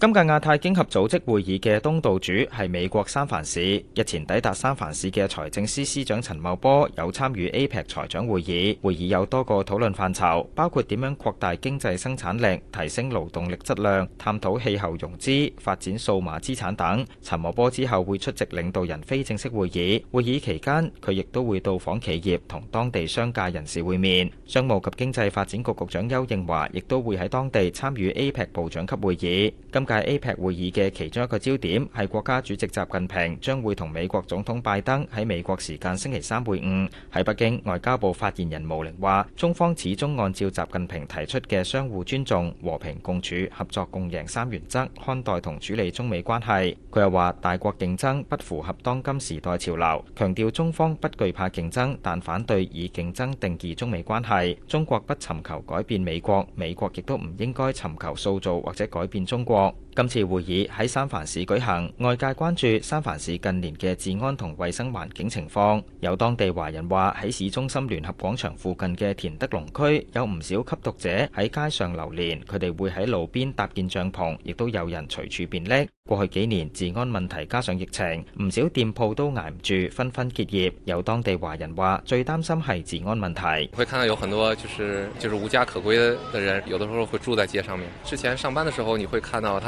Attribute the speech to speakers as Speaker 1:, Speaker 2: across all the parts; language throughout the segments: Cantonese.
Speaker 1: 今屆亞太經合組織會議嘅東道主係美國三藩市。日前抵達三藩市嘅財政司司長陳茂波有參與 APEC 財長會議，會議有多個討論範疇，包括點樣擴大經濟生產力、提升勞動力質量、探討氣候融資、發展數碼資產等。陳茂波之後會出席領導人非正式會議，會議期間佢亦都會到訪企業同當地商界人士會面。商務及經濟發展局局長丘應樺亦都會喺當地參與 APEC 部長級會議。今屆 APEC 會議嘅其中一個焦點係國家主席習近平將會同美國總統拜登喺美國時間星期三會晤。喺北京，外交部發言人毛寧話，中方始終按照習近平提出嘅相互尊重、和平共處、合作共贏三原則看待同處理中美關係。佢又話，大國競爭不符合當今時代潮流，強調中方不懼怕競爭，但反對以競爭定義中美關係。中國不尋求改變美國，美國亦都唔應該尋求塑造或者改變中國。今次會議喺三藩市舉行，外界關注三藩市近年嘅治安同衛生環境情況。有當地華人話，喺市中心聯合廣場附近嘅田德隆區有唔少吸毒者喺街上流連，佢哋會喺路邊搭建帳篷，亦都有人隨處便溺。過去幾年治安問題加上疫情，唔少店鋪都捱唔住，紛紛結業。有當地華人話，最擔心係治安問題。你會看到
Speaker 2: 有很多就是就是無家可歸的人，有的時候會住在街上面。之前上班的時候，你會看到他。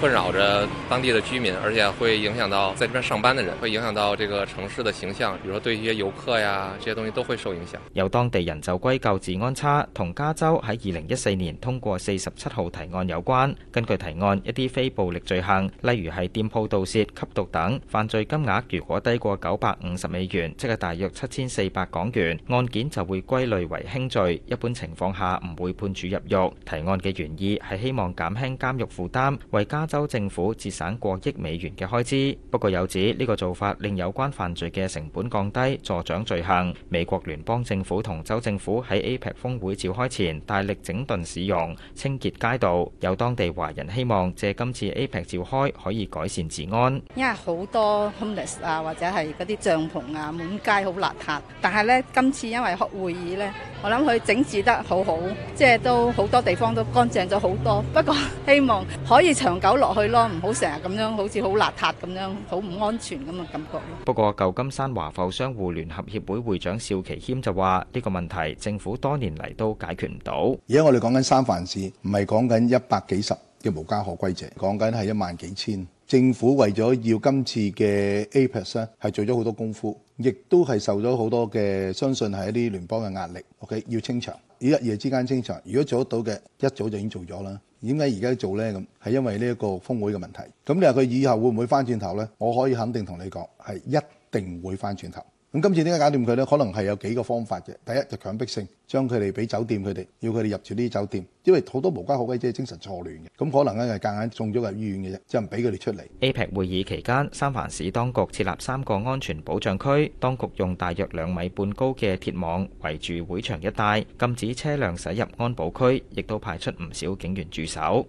Speaker 2: 困擾着當地的居民，而且，會影響到在這邊上班的人，會影響到這個城市的形象，比如說對一些遊客呀、啊、這些東西都會受影響。
Speaker 1: 有當地人就歸咎治安差。同加州喺二零一四年通過四十七號提案有關。根據提案，一啲非暴力罪行例如係店鋪盜竊、吸毒等，犯罪金額如果低過九百五十美元，即係大約七千四百港元，案件就會歸類為輕罪，一般情況下唔會判處入獄。提案嘅原意係希望減輕監獄負擔，為加州。州政府節省過億美元嘅開支，不過有指呢個做法令有關犯罪嘅成本降低，助長罪行。美國聯邦政府同州政府喺 APEC 峯會召開前大力整頓市容、清潔街道，有當地華人希望借今次 APEC 召開可以改善治安。
Speaker 3: 因為好多 homeless 啊，或者係嗰啲帳篷啊，滿街好邋遢。但係呢，今次因為會議呢，我諗佢整治得好好，即係都好多地方都乾淨咗好多。不過希望可以長久。落去咯，唔好成日咁樣，好似好邋遢咁樣，好唔安全咁嘅感覺。
Speaker 1: 不過舊金山華埠商戶聯合協會會長邵其謙就話：呢個問題政府多年嚟都解決唔到。
Speaker 4: 而家我哋講緊三藩市，唔係講緊一百幾十嘅無家可歸者，講緊係一萬幾千。政府為咗要今次嘅 APEC 咧，係做咗好多功夫，亦都係受咗好多嘅，相信係一啲聯邦嘅壓力。OK，要清場，要一夜之間清場。如果做得到嘅，一早就已經做咗啦。點解而家做呢？是係因為呢個峰會嘅問題。咁你話佢以後會唔會返轉頭呢？我可以肯定同你講，係一定會返轉頭。咁今次點解搞掂佢呢？可能係有幾個方法嘅。第一就強迫性，將佢哋俾酒店佢哋，要佢哋入住呢啲酒店，因為好多無家可歸者精神錯亂嘅，咁可能呢係夾硬送咗入醫院嘅啫，就
Speaker 1: 唔俾佢哋出嚟。APEC 會議期間，三藩市當局設立三個安全保障區，當局用大約兩米半高嘅鐵網圍住會場一帶，禁止車輛駛入安保區，亦都派出唔少警員駐守。